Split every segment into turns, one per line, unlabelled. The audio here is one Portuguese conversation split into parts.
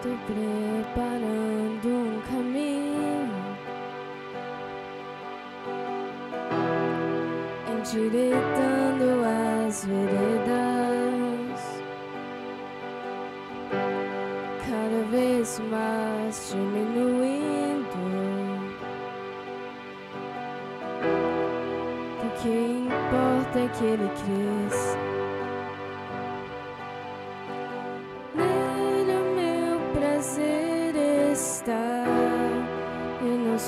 preparando um caminho Endireitando as veredas Cada vez mais diminuindo O que importa é que ele cresça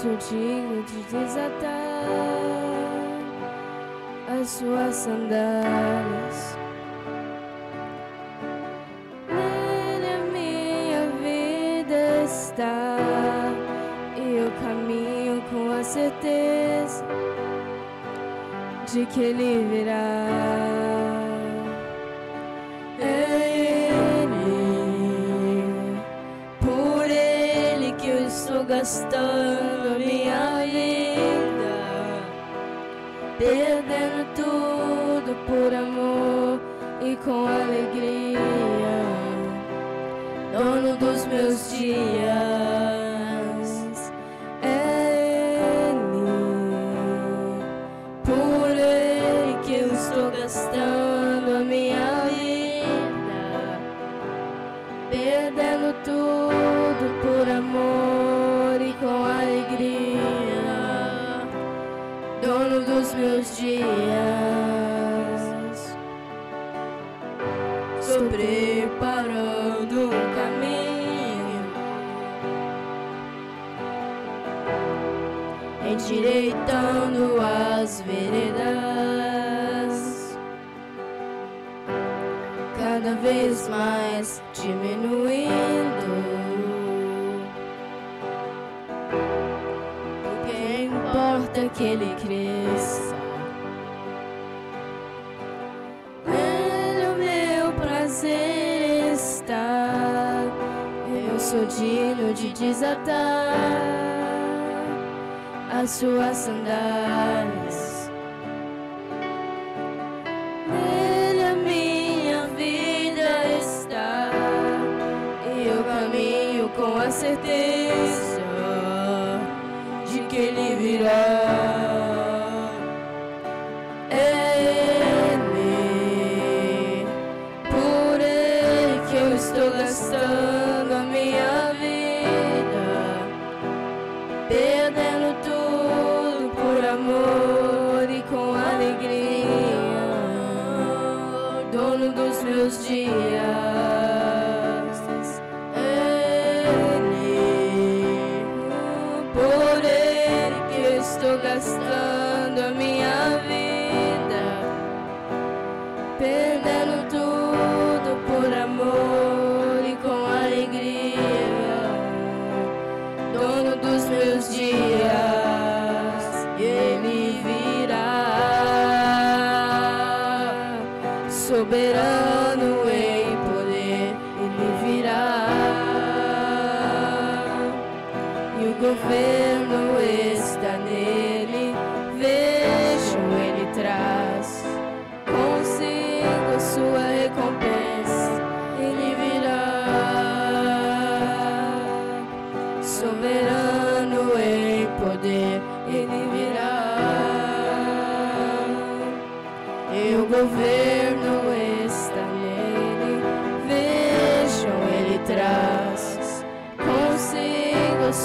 sou de desatar as suas sandálias. Nele a minha vida está e eu caminho com a certeza de que ele virá. Ele por que eu estou gastando. perdendo tudo por amor e com alegria, dono dos meus dias. endireitando as veredas. Cada vez mais diminuindo. O que importa que ele cresça. Ele, meu prazer está. Eu sou digno de desatar as suas sandálias. Nele minha vida está, e eu caminho com a certeza de que ele virá. É Jesus.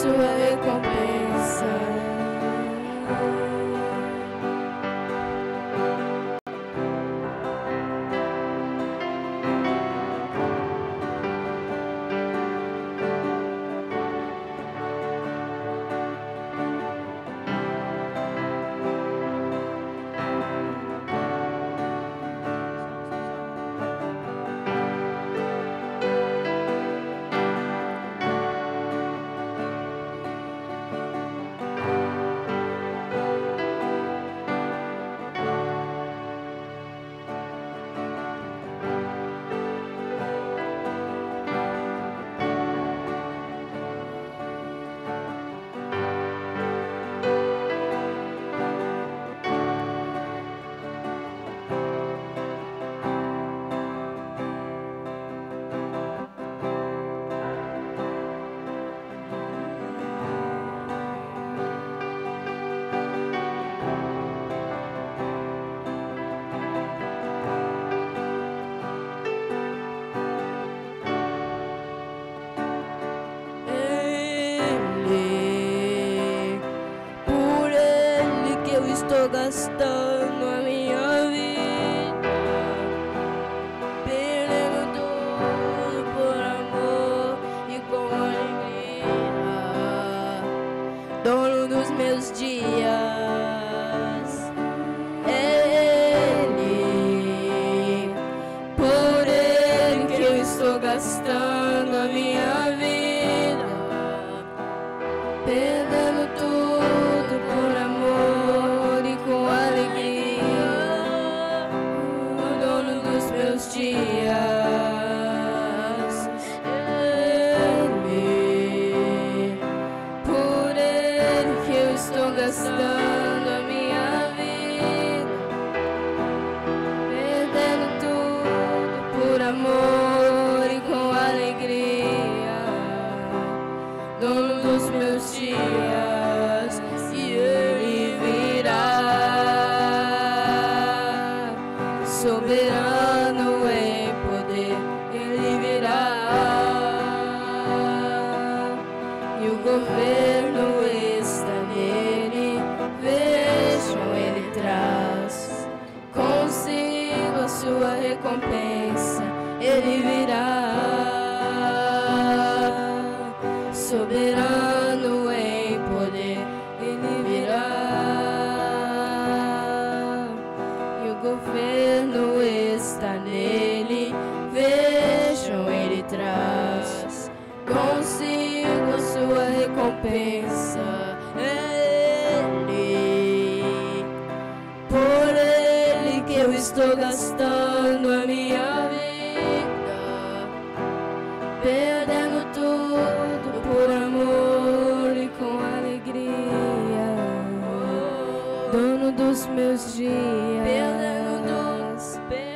to us. gastando a minha vida, perdendo tudo por amor e com alegria, o dono dos meus dias. soberano em poder, ele virá. E o governo está nele, vejam, ele traz consigo sua recompensa. É ele, por ele que eu estou gastando a dono dos meus dias. Perdão dos pecados.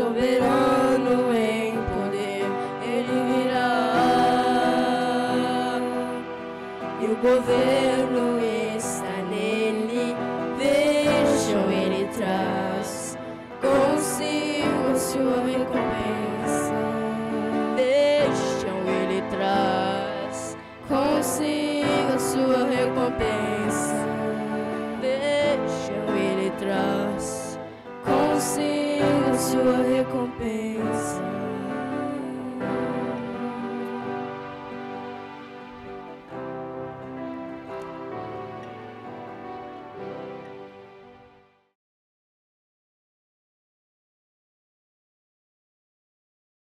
soberano em poder, ele virá e o governo.